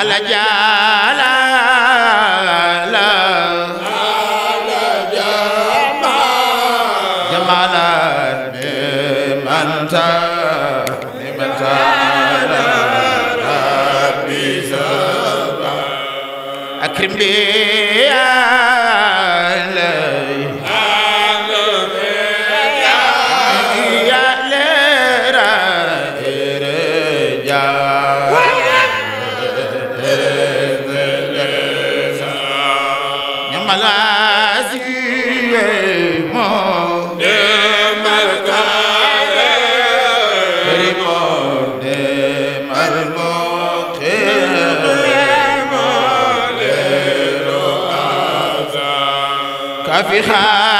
ala jala la ala jama jamalan bi manta ni manta rabbi sabba akrim bi afi xaar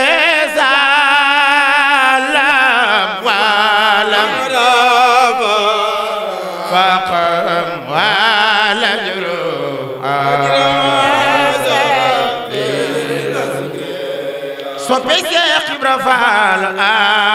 Ibra Faal ah.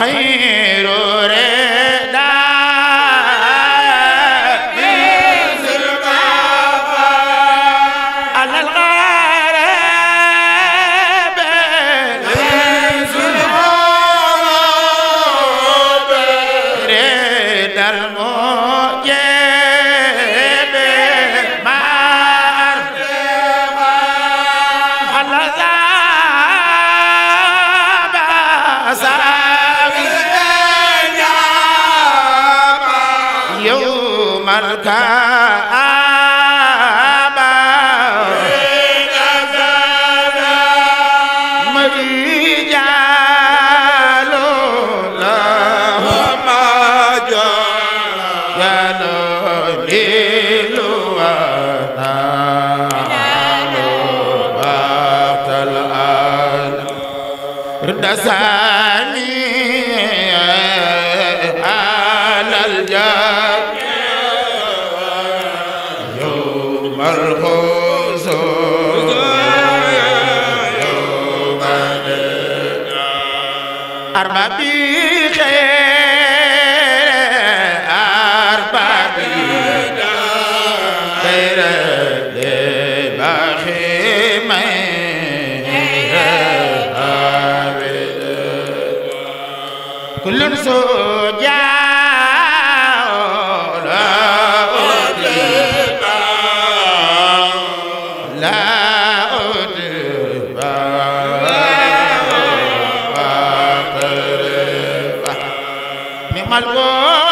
خير ري ملكا arba bi Malwa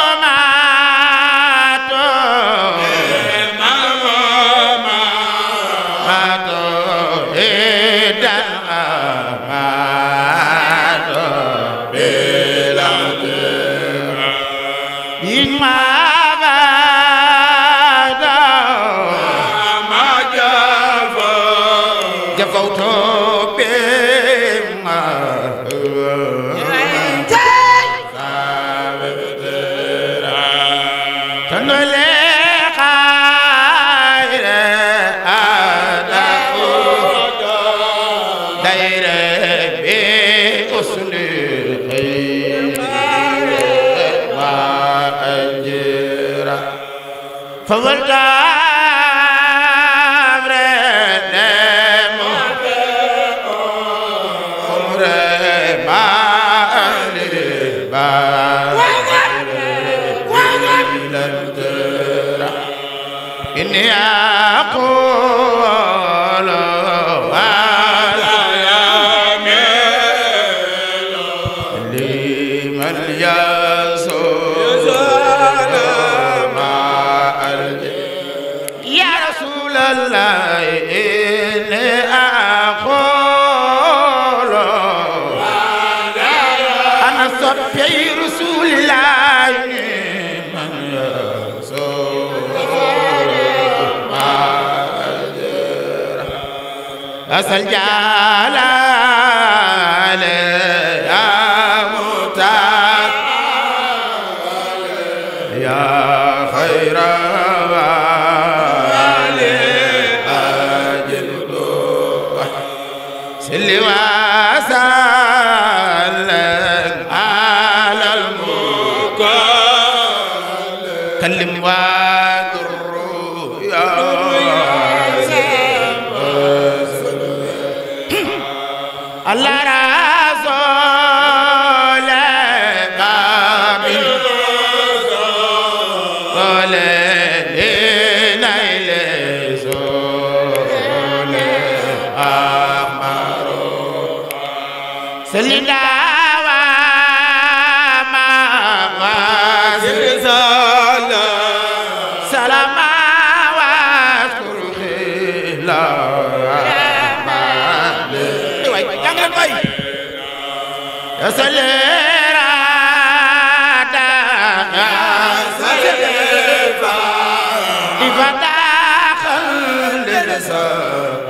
yaa asal jaala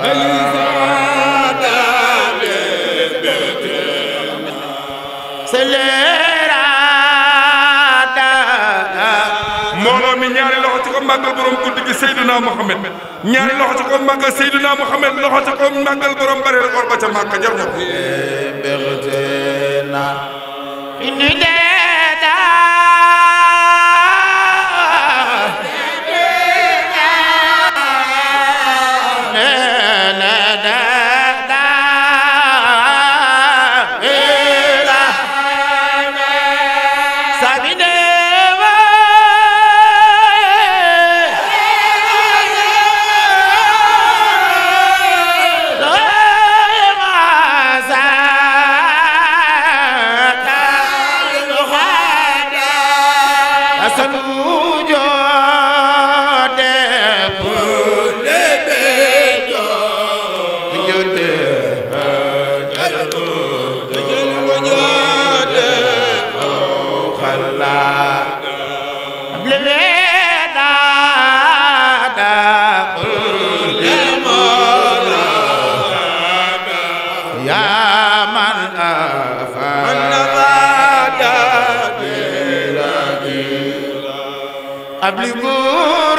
Aliou màggal borom guddi gi Seydina Mohamed ñaari loxo ci kaw màggal Seydina Mohamed loxo ci kaw màggal borom bare or ba ca màkka jar na ko ab li góor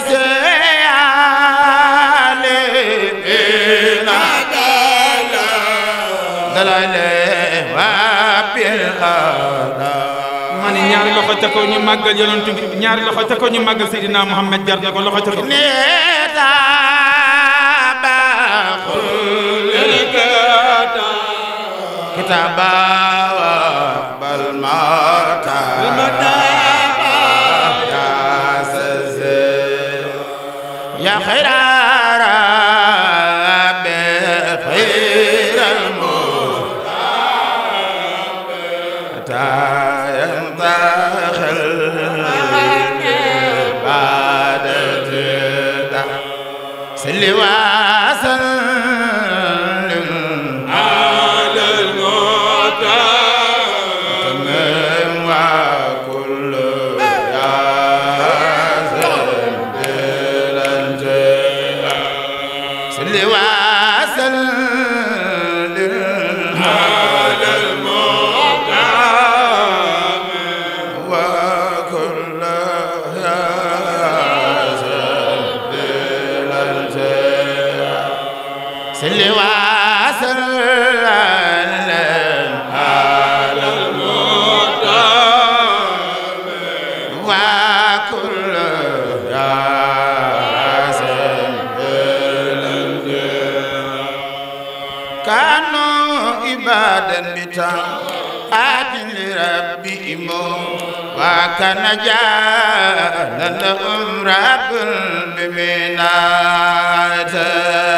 loxo ca kaw ñu màggal yonent bi ñaari loxo ca kaw ñu màggal Seydina Muhammad jar na ko loxo ca kaw neeta baaxul kitaaba kitaaba bal mata ma xayra بربهم وكان جعل لهم رب بمناته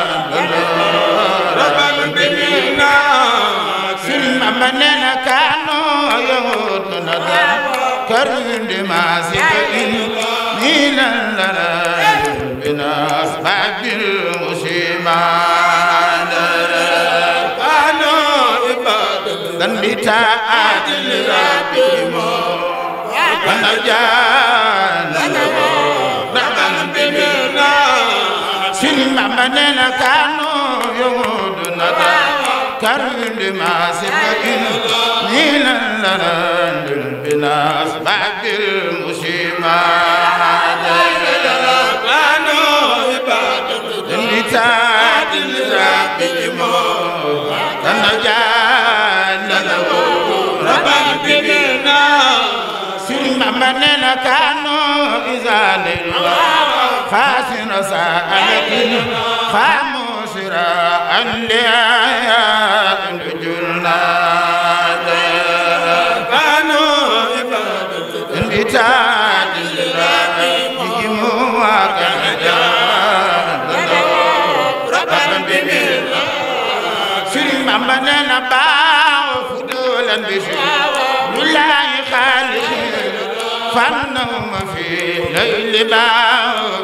فنن كانوا يهود نظر كرم دماس فإن ميلا لنا بنا أسباب المسلمان كانوا عباد ذنبتاء لربهم ونجانا رحمن بمنا سلم مننا كانوا البرد ما سبق من اللند بناس بعد المشيمة لتاد الرب يموت تنجان له ربك بنا سلم مننا كانوا إذا لله فاسن سألك فامو فانهم في ليل ما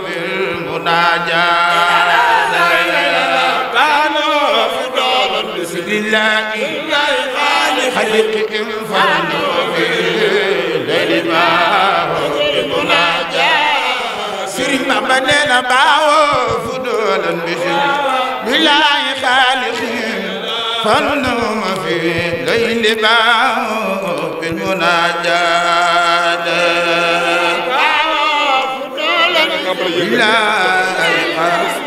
بالمناجاه لله خلق الفن للما مناجا سري ما بنينا باو فدولا بخير بالله خالق فن ما في ليل باو بالمناجات بالله خالق